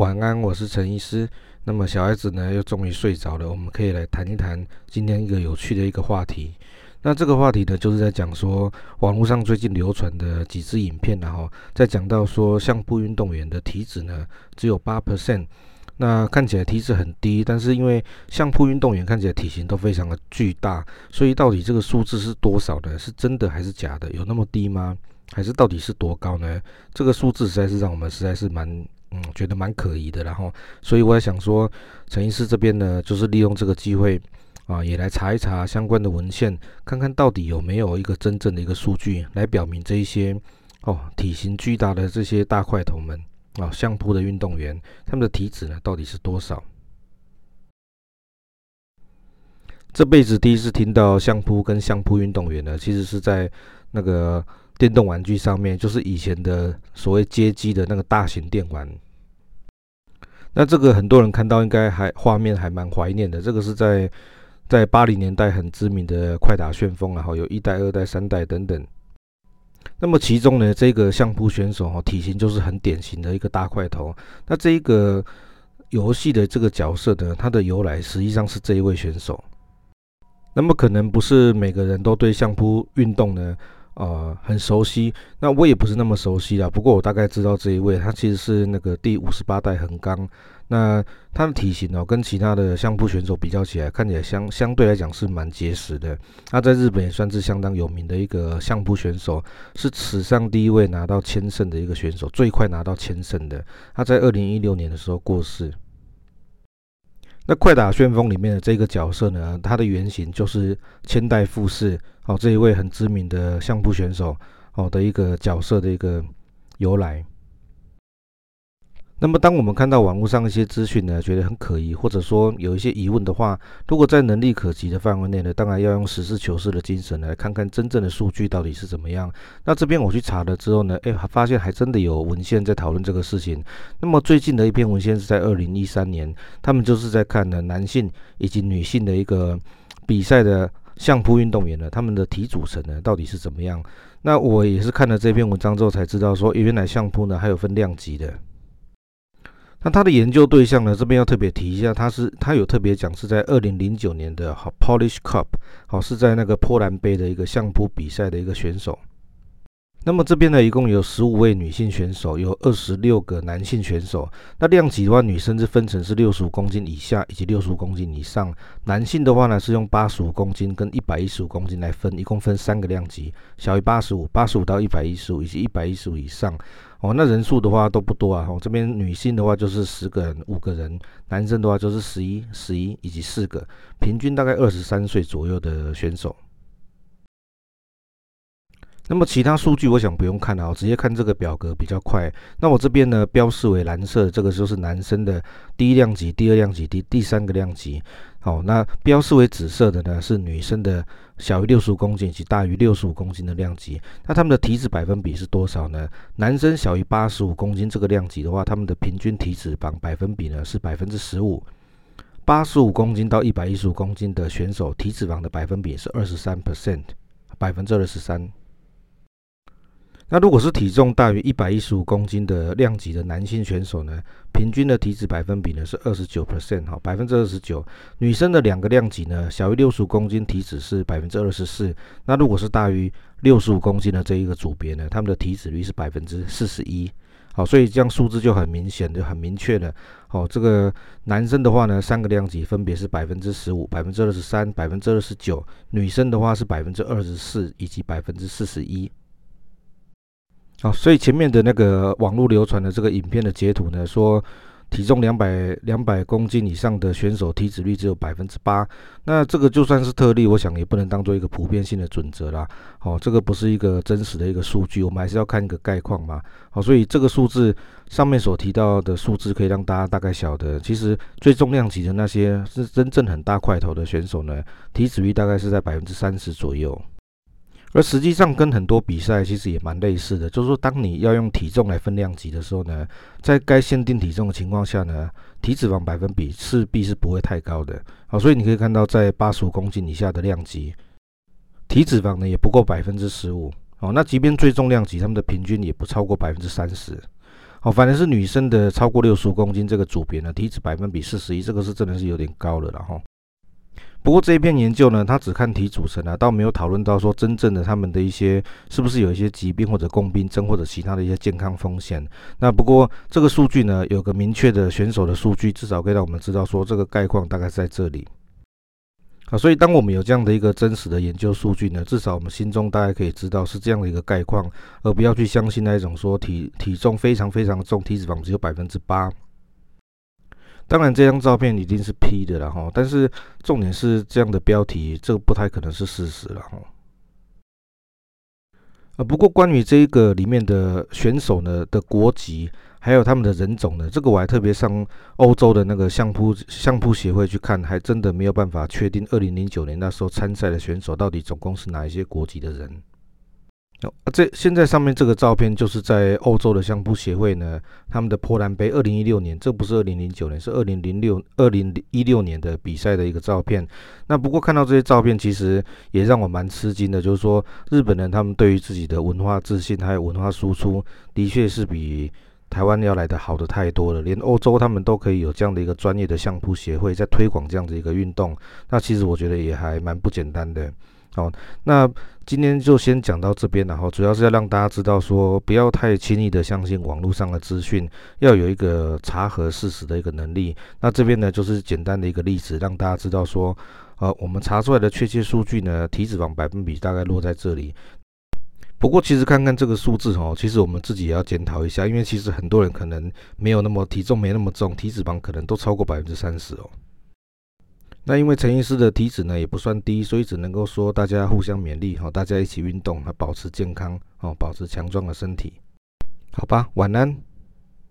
晚安，我是陳醫師。那麼小孩子呢，又終於睡着了。我們可以來談一談今天一個有趣的一個話題。那這個話題呢，就是在講說網絡上最近流傳的幾支影片，然後在講到說相撲運動員的體脂呢只有八 percent，那看起來體脂很低，但是因為相撲運動員看起來體型都非常的巨大，所以到底這個數字是多少呢？是真的還是假的？有那麼低嗎？還是到底是多高呢？這個數字實在是讓我們實在是蠻。嗯，覺得蠻可疑的，然後，所以我也想說，陳醫師這邊呢，就是利用這個機會啊，也來查一查相關的文獻，看看到底有沒有一個真正的一個數據來表明這一些哦，體型巨大的這些大塊頭們啊，相撲的運動員，他們的體脂呢到底是多少？這輩子第一次聽到相撲跟相撲運動員呢，其實是在那個。電動玩具上面，就是以前的所謂街機的那個大型電玩，那這個很多人看到應該還畫面還蠻懷念的。這個是在在八零年代很知名的快打旋風啊，然後有一代、二代、三代等等。那麼其中呢，這個相撲選手哦，體型就是很典型的一個大塊頭。那這個遊戲的這個角色呢，它的由來實際上是這一位選手。那麼可能不是每個人都對相撲運動呢。呃，很熟悉，那我也不是那麼熟悉啦，不過我大概知道這一位，他其實是那個第五十八代橫綱。那他的體型哦，跟其他的相撲選手比較起來，看起來相相對來講是蠻結實的。他在日本也算是相當有名的一個相撲選手，是史上第一位拿到千勝的一個選手，最快拿到千勝的。他在二零一六年的時候過世。在《快打旋風》裡面的這個角色呢，他的原型就是千代富士，哦，這一位很知名的相撲選手，哦，的一個角色的一個由來。那麼，當我們看到網絡上一些資訊呢，覺得很可疑，或者說有一些疑問的話，如果在能力可及的範圍內呢，當然要用實事求是的精神來看看真正的數據到底是怎麼樣。那這邊我去查了之後呢，哎，發現還真的有文獻在討論這個事情。那麼最近的一篇文獻是在二零一三年，他們就是在看呢，男性以及女性的一個比賽的相撲運動員呢，他們的體組成呢到底是怎麼樣。那我也是看了這篇文章之後才知道說，說原來相撲呢還有分量級的。那他的研究對象呢，這邊要特別提一下，他是他有特別講是在二零零九年的哈 Polish Cup，好，是在那個波蘭杯的一個相撲比賽的一個選手。那麼這邊呢，一共有十五位女性選手，有二十六個男性選手。那量級的話，女生是分成是六十五公斤以下以及六十五公斤以上；男性的話呢，是用八十五公斤跟一百一十五公斤來分，一共分三個量級：小於八十五、八十五到一百一十五以及一百一十五以上。哦，那人數的話都不多啊。我這邊女性的話就是十個人，五個人；男生的話就是十一、十一以及四個。平均大概二十三歲左右的選手。那麼其他數據我想不用看了啊，我直接看這個表格比較快。那我這邊呢，標示為藍色，這個就是男生的第一量級、第二量級、第第三個量級。好，那標示為紫色的呢，是女生的小於六十五公斤以及大於六十五公斤的量級。那他們的體脂百分比是多少呢？男生小於八十五公斤這個量級的話，他們的平均體脂肪百分比呢是百分之十五。八十五公斤到一百一十五公斤的選手，體脂肪的百分比是二十三 percent，百分之二十三。那如果是體重大於一百一十五公斤的量級的男性選手呢，平均的體脂百分比呢是二十九 percent，哈，百分之二十九。女生的兩個量級呢，小於六十五公斤，體脂是百分之二十四。那如果是大於六十五公斤的這一個組別呢，他們的體脂率是百分之四十一。好，所以這樣數字就很明顯，就很明確了。好、哦，這個男生的話呢，三個量級分別是百分之十五、百分之二十三、百分之二十九。女生的話是百分之二十四以及百分之四十一。好、哦，所以前面的那個網絡流傳的這個影片的截圖呢，說體重兩百兩百公斤以上的選手體脂率只有百分之八，那這個就算是特例，我想也不能當做一個普遍性的準則啦。好、哦，這個不是一個真實的一個數據，我們還是要看一個概況嘛。好、哦，所以這個數字上面所提到的數字可以讓大家大概曉得，其實最重量級的那些是真正很大塊頭的選手呢，體脂率大概是在百分之三十左右。而實際上，跟很多比賽其實也蠻類似的，就是說，當你要用體重來分量級的時候呢，在該限定體重的情況下呢，體脂肪百分比勢必是不會太高的。好，所以你可以看到，在八十五公斤以下的量級，體脂肪呢也不過百分之十五。哦，那即便最重量級，他們的平均也不超過百分之三十。哦，反正是女生的超過六十五公斤這個組別呢，體脂百分比四十一，這個是真的是有點高了，然後。不過這一篇研究呢，它只看體組成啊，倒沒有討論到說真正的他們的一些是不是有一些疾病或者共病症或者其他的一些健康風險。那不過這個數據呢，有個明確的選手的數據，至少可以讓我們知道說這個概況大概是在這裡。啊，所以當我們有這樣的一個真實的研究數據呢，至少我們心中大概可以知道是這樣的一個概況，而不要去相信那一種說體體重非常非常重，體脂肪只有百分之八。當然，這張照片一定是 P 的了哈。但是重點是這樣的標題，這個不太可能是事實了哈。啊，不過關於這個裡面的選手呢的國籍，還有他們的人種呢，這個我還特別上歐洲的那個相撲相撲協會去看，還真的沒有辦法確定二零零九年那時候參賽的選手到底總共是哪一些國籍的人。啊，這現在上面這個照片就是在歐洲的相撲協會呢，他們的波蘭杯，二零一六年，這不是二零零九年，是二零零六二零一六年的比賽的一個照片。那不過看到這些照片，其實也讓我蠻吃驚的，就是說日本人他們對於自己的文化自信還有文化輸出，的確是比台灣要來的好的太多了。連歐洲他們都可以有這樣的一個專業的相撲協會在推廣這樣子一個運動，那其實我覺得也還蠻不簡單的。好，哦，那今天就先講到這邊了，然後主要是要讓大家知道說，不要太輕易的相信網絡上的資訊，要有一個查核事實的一個能力。那這邊呢，就是簡單的一個例子，讓大家知道說，呃，我們查出來的確切數據呢，體脂肪百分比大概落在這裡。不過其實看看這個數字哦，其實我們自己也要檢討一下，因為其實很多人可能沒有那麼，體重沒那麼重，體脂肪可能都超過百分之三十哦。那因為陳醫師的體脂呢，也不算低，所以只能夠說大家互相勉勵哈，大家一起運動和保持健康哦，保持強壯的身體。好吧，晚安。